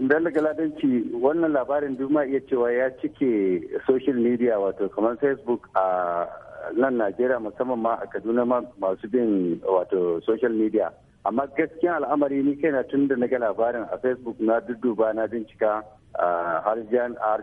Bello ladanci wannan labarin duk ma iya cewa ya cike social media wato kamar Facebook a nan Najeriya musamman ma a Kaduna ma masu bin wato social media. Amma gaskiyan al'amari ni kaina tun da na ga labarin a Facebook na dudduba na bincika a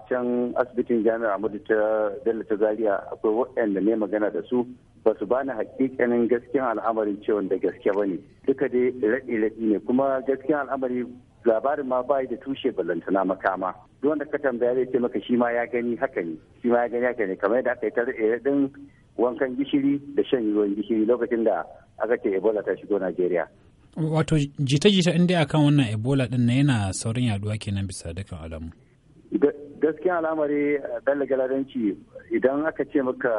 can asibitin jami'ar Amadu ta Bello ta Zaria akwai waɗanda ne magana da su ba su bani hakikanin gaskiyan al'amarin cewa da gaske ba ne duka dai raɗi-raɗi ne kuma gaskiyan al'amari labarin ma bai da tushe balantana makama duk wanda ka tambaya zai ce maka shi ma ya gani haka ne shi ma ya gani haka ne kamar yadda aka yi ta raɗin wankan gishiri da shan ruwan gishiri lokacin da aka ce ebola ta shigo najeriya wato jita-jita inda akan wannan ebola din na yana saurin yaduwa kenan bisa dukkan alamu gaskiya al'amari dan eh, galadanci idan aka ce maka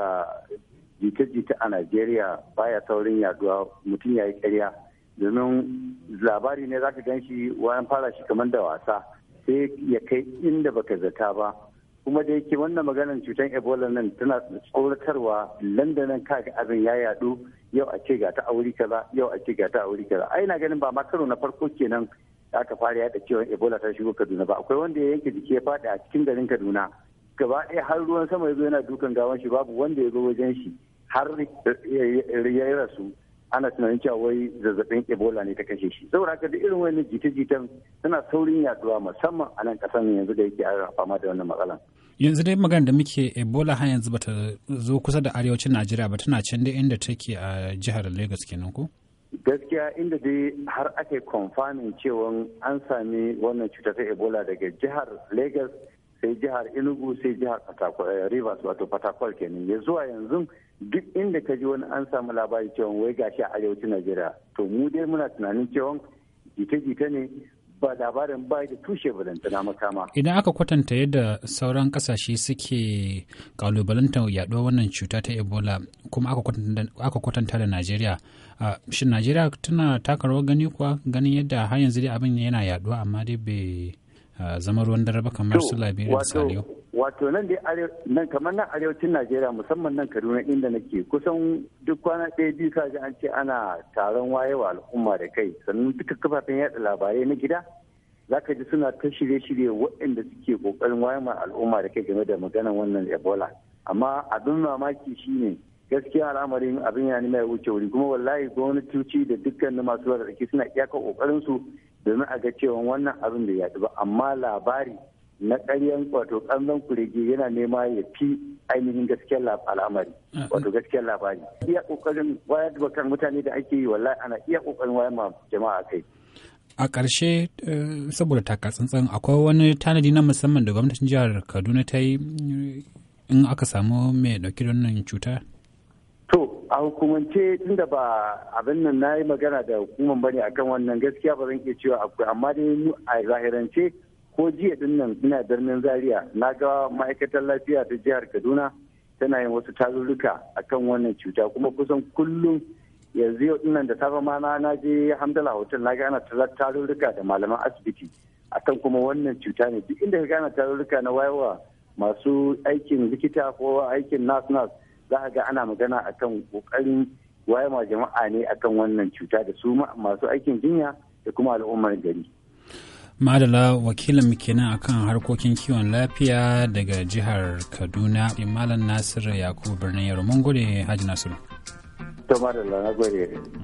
jita-jita a najeriya baya saurin yaduwa mutum ya yi karya domin labari ne za ka gan shi wayan fara shi kamar da wasa sai ya kai inda baka zata ba kuma da yake wannan maganar cutar ebola nan tana tsoratarwa landanan kaga abin ya yadu yau a ce ga ta auri kaza yau a ce ga ta auri kaza ai na ganin ba ma karo na farko kenan aka fara yada cewa ebola ta shigo kaduna ba akwai wanda ya yanke jiki ya faɗi a cikin garin kaduna gaba ɗaya har ruwan sama ya zo yana dukan gawan shi babu wanda ya zo wajen shi har ya rasu ana tunanin cewa wai zazzabin ebola ne ta kashe shi saboda haka da irin wannan jita-jitan suna saurin yaduwa musamman a nan kasan yanzu da yake ana fama da wannan matsalan yanzu dai magana da muke ebola har yanzu bata zo kusa da arewacin najeriya ba tana can dai inda take a jihar lagos kenan ko gaskiya inda dai har ake confirming cewa an sami wannan cutar ta ebola daga jihar lagos sai jihar enugu sai jihar eh, rivers wato fatakwal kenan ya zuwa yanzu duk inda ka ji wani an samu labari cewa wai gashi a arewacin najeriya to mu dai muna tunanin cewa jita-jita ne ba labarin ba da tushe balantana makama. Idan aka kwatanta yadda sauran kasashe suke kalubalantar yaduwar wannan cuta ta Ebola kuma aka kwatanta da Najeriya, shin Najeriya tana taka rawar gani kuwa ganin yadda har yanzu dai abin yana yaduwa amma dai bai zama ruwan dare ba kamar su Liberia da Saliyo. Wato nan dai nan kamar nan arewacin Najeriya musamman nan Kaduna inda nake kusan duk kwana ɗaya biyu sa an ce ana taron wayewa al'umma da kai sannan duka kafafen yaɗa labarai na gida za ka ji suna ta shirye-shirye waɗanda suke ƙoƙarin wayar al'umma da kai game da maganar wannan Ebola. Amma abin mamaki shine gaskiya al'amarin abin ya nima ya wuce wuri kuma wallahi gwamnatoci da dukkanin masu wada tsaki suna iyaka kokarin su domin a ga cewa wannan abin da ya ba amma labari na ƙaryan wato ƙanzon kurege yana nema ya fi ainihin gaskiyar al'amari mm-hmm. wato gaskiyar labari iya kokarin wayar da kan mutane da ake yi wallahi ana iya kokarin wayar ma jama'a kai a ƙarshe eh, saboda takatsantsan akwai wani tanadi na musamman da gwamnatin jihar kaduna ta yi mm, in aka samu mai ɗauki da wannan cuta a hukumance tunda ba abin nan na yi magana da hukumar bane akan wannan gaskiya ba zan iya cewa akwai amma dai a zahirance ko jiya din nan ina birnin zaria na ga ma'aikatar lafiya ta jihar kaduna tana yin wasu tarurruka akan wannan cuta kuma kusan kullum yanzu yau dinnan da safe ma na na je hamdala hotel na ga ana tarurruka da malaman asibiti akan kuma wannan cuta ne duk inda ka gana tarurruka na wayewa masu aikin likita ko aikin nas nas za a ga ana magana akan kokarin waye jama'a ne akan wannan cuta da su masu aikin jinya da kuma al'ummar gari madala wakilin kenan akan harkokin kiwon lafiya daga jihar kaduna malam nasiru yakubu birnin yaro mun gode haji nasiru to madala na gode